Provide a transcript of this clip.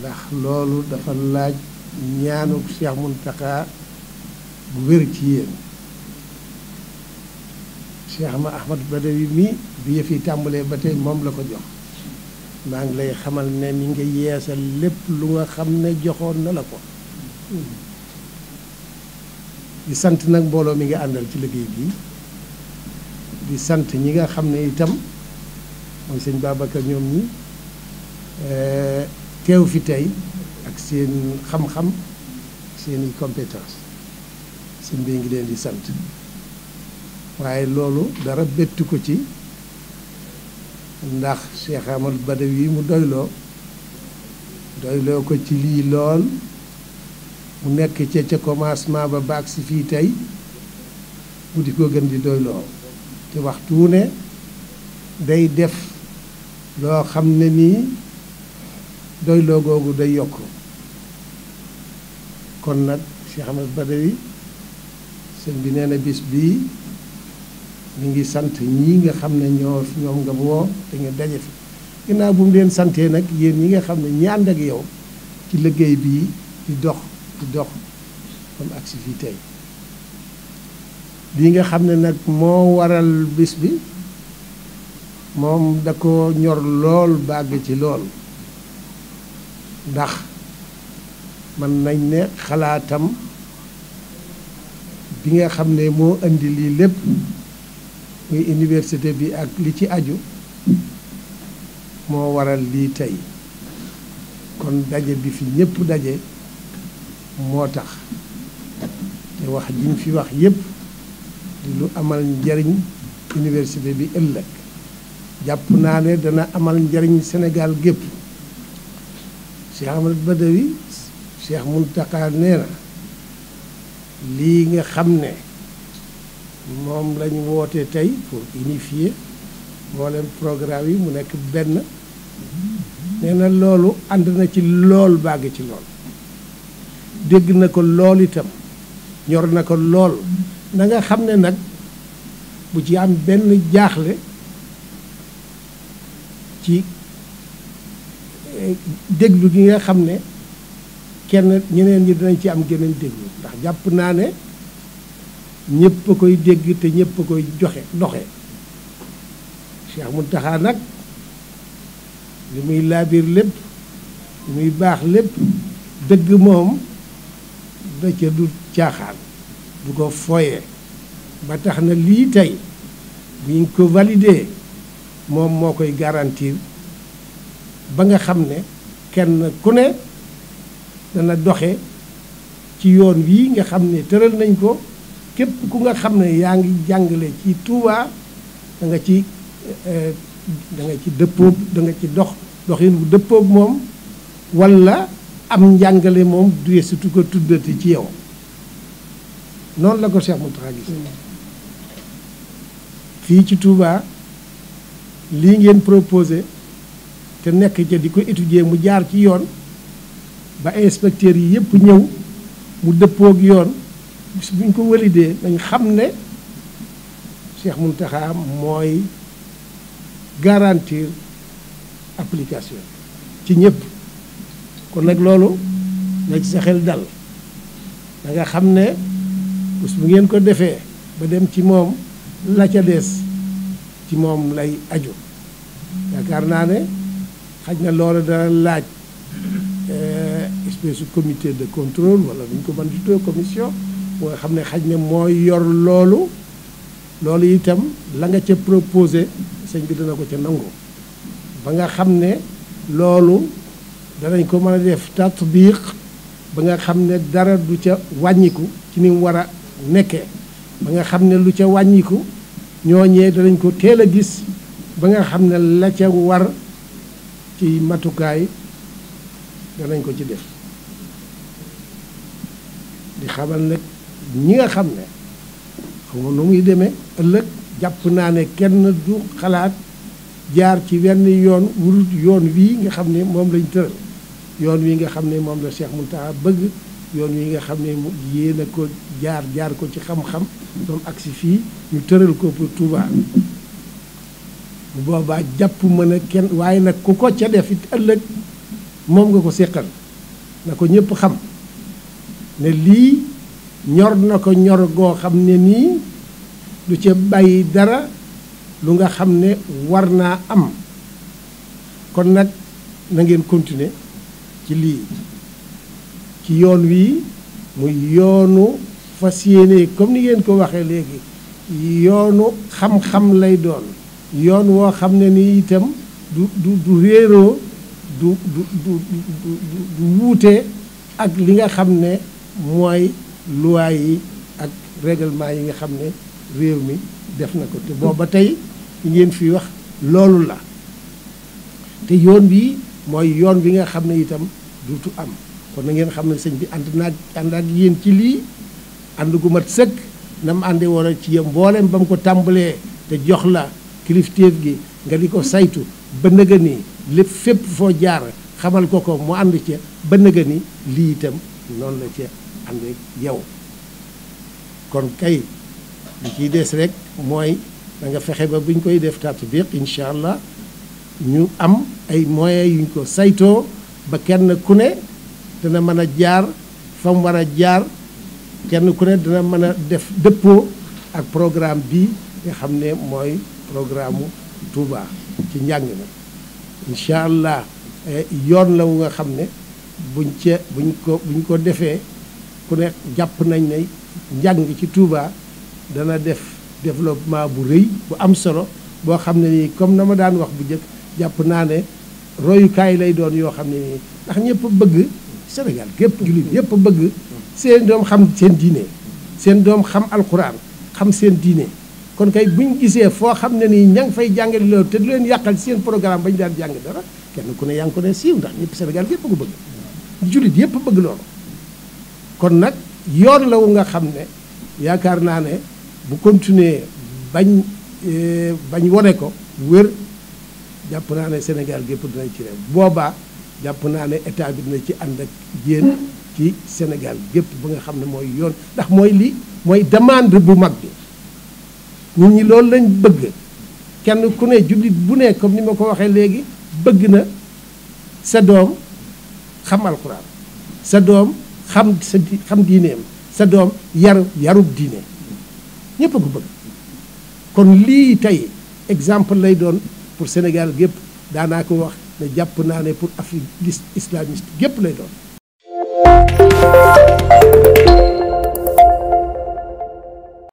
ndax loolu dafa laaj ñaanu Cheikh Mountakha bu wér ci yéen Cheikh ma Ahmad Badawi bi yëf yi tàmbalee ba tey moom la ko jox maa ngi lay xamal ne mi nga yeesal lépp lu nga xam ne joxoon na la ko di sant nag mbooloo mi nga àndal ci liggéey bi di sant ñi nga xam ne itam mooy seen Babacar ñoom ñi eh, teew fi tey ak seen xam-xam seeni compétence sëñ bi ngi leen di sant waaye loolu dara bettu ko ci ndax Cheikh Amadou yi mu doyloo doyloo ko ci lii lool mu nekk ca ca commencement ba baag si fii tey mu di ko gën di doyloo te waxtu ne day def loo xam ne nii doyloo googu day yokk kon nag Cheikh Ahmad Badawi sëñ bi nee na bis bii mu ngi sant ñi nga xam ne ñoo ñoom nga woo te nga daje fi ginnaaw bu mu leen santee nag yéen ñi nga xam ne ñi yow ci liggéey bii di dox di dox comme agsi fii tey lii nga xam ne nag moo waral bis bi moom da ko ñor lool bàgg ci lool ndax man nañ ne xalaatam bi nga xam ne moo indi lii lépp muy université bi ak li ci aju moo waral lii tey kon daje bi fi ñépp daje moo tax te wax jiñ fi wax yépp di lu amal njariñ université bi ëllëg jàpp naa ne dana amal njariñ Sénégal gépp Cheikh Ahmad Badawi Cheikh Mountakha nee na lii nga xam ne moom lañu woote tey pour unifier mboolem programme yi mu nekk benn nee na loolu ànd na ci lool bàgg ci lool dégg na ko lool itam ñor na ko lool na nga xam ne nag bu ci am benn jaaxle ci eh, déglu gi nga xam ne kenn ñeneen ñi dinañ ci am geneen déglu ndax jàpp naa ne ñépp a koy dégg te ñëpp a koy joxe doxe Cheikh Mountakha nag li muy laabir lépp muy baax lépp dëgg moom da ca du caaxaan du ko fooyee ba tax na lii tey buñ ko validé moom moo koy garantir ba nga xam ne kenn ku ne dana doxe ci yoon wii nga xam ne tëral nañ ko képp ku nga xam ne yaa ngi jàngale ci Touba danga ci eh, danga ci dëppoob danga ci dox doxin bu dëppoob moom walla am njàngale moom du surtout ko tuddati ci yow noonu la ko Cheikh Mountakha gis mm. fii ci Touba lii ngeen proposé te nekk ja di ko étudier mu jaar ci yoon ba inspecteurs yi yëpp ñëw mu dëppook yoon bis bu ñu ko walidee dañ xam ne Cheikh Mountakha mooy garantir application ci ñëpp kon nag loolu na ci sa xel dal da nga xam ne bis bu ngeen ko defee ba dem ci moom la ca des ci moom lay aju yaakaar naa ne xaj na loolu dana laaj eh, espèce de comité de contrôle wala bu ko mën di tuddee commission boo xam ne xaj na mooy yor loolu loolu itam la nga ca proposé sëñ bi dana ko ca nangu ba nga xam ne loolu danañ ko mën a def tatbiq ba nga xam ne dara du ca wàññiku ci ni mu war a nekkee ba nga xam ne lu ca wàññiku ñoo ñooñee danañ ko teel a gis ba nga xam ne la ca war ci matukaay danañ ko ci def di xamal nag ñi nga xam ne xamoon nu muy demee ëllëg jàpp naa ne kenn du xalaat jaar ci wenn yoon wurut yoon wii nga xam ne moom lañ tëral yoon wii nga xam ne moom la Cheikh Mountakha bëgg yoon yi nga xam ne mu yéen a ko jaar jaar ko ci xam-xam doom agsi fii ñu tëral ko pour Touba bu boobaa jàpp mën a kenn waaye nag ku ko ca def it ëllëg moom nga ko séqal na ko ñépp xam ne lii ñor na ko ñor goo xam ne nii du ca bàyyi dara lu nga xam ne war naa am kon nag na ngeen continuer ci lii ci yoon wii muy yoonu fas yéene comme ni ngeen ko waxee léegi yoonu xam-xam lay doon yoon woo xam ne nii itam du du du réeroo du du du du wuute ak li nga xam ne mooy loi yi ak règlement yi nga xam ne réew mi def na ko te booba tey ngeen fi wax loolu la te yoon bi mooy yoon wi nga xam ne itam du tu am kon na ngeen xam ne sëñ bi ànd naa ànd ak yéen ci lii ànd gu mat sëkk na mu àndee woon ci yéen mboolem ba mu ko tàmbalee te jox la kilifteef gi nga di ko saytu ba nëga ni lépp fépp foo jaar xamal ko ko mu ànd ca ba nëga lii itam noonu la ca ànd ak yow kon kay li ciy des rek mooy da nga fexe ba bu ñu koy def tatbiq incha allah ñu am ay moyens yu ñu ko saytoo ba kenn ku ne dana mën a jaar fa mu war a jaar kenn ku ne dana mën a def dëppoo ak programme bii nga xam ne mooy programme mu Touba ci njàng mi incha allah eh, yoon la wu nga xam ne buñ ca buñ ko buñ ko defee ku ne jàpp nañ ne njàng ci Touba dana def développement bu rëy bu am solo boo xam ne nii comme na ma daan wax bu njëkk jàpp naa ne royukaay lay doon yoo xam ne nii ndax ñëpp bëgg. Sénégal gépp jullit yépp bëgg seen doom xam seen diine seen doom xam alquran xam seen diine kon kay bu gisee foo xam ne nii ña fay jàngale loolu te du leen yàqal seen programme bañ daan jàng dara kenn ku ne yaa ko ne siiw ndax ñëpp Sénégal gépp ko bëgg jullit yépp nag yoon la nga xam ne yaakaar naa ne bu continuer bañ e, bañ wone ko wér jàpp naa ne Sénégal gépp dinañ ci réew boobaa jàpp naa ne état bi dina ci ànd ak yéen ci Sénégal gépp ba nga xam ne mooy yoon ndax mooy lii mooy demande bu mag bi nit ñi loolu lañ bëgg kenn ku ne jullit bu ne comme ni ma ko waxee léegi bëgg na sa doom xam alxuraan sa doom xam sa xam diineem sa doom yaru yarub diine ñëpp a ko bëgg kon lii tey exemple lay doon pour Sénégal gépp daanaa ko wax jàpp naa ne pour Afrique islamiste gépp lay doon